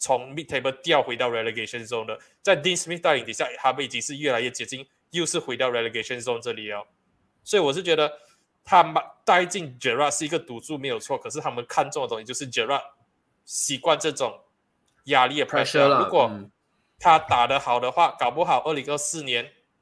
從 mid table 掉回到 relegation zone 的，在 Dean Smith 帶領底下，他們已經是越來越接近，又是回到 relegation zone 這裡啊。所以我是覺得，他們帶進 Gerard 是一個賭注沒有錯，可是他們看中的東西就是 Gerard 習慣這種壓力的 pressure。Pressure up, 如果他打得好的話，嗯、搞不好二零二四年。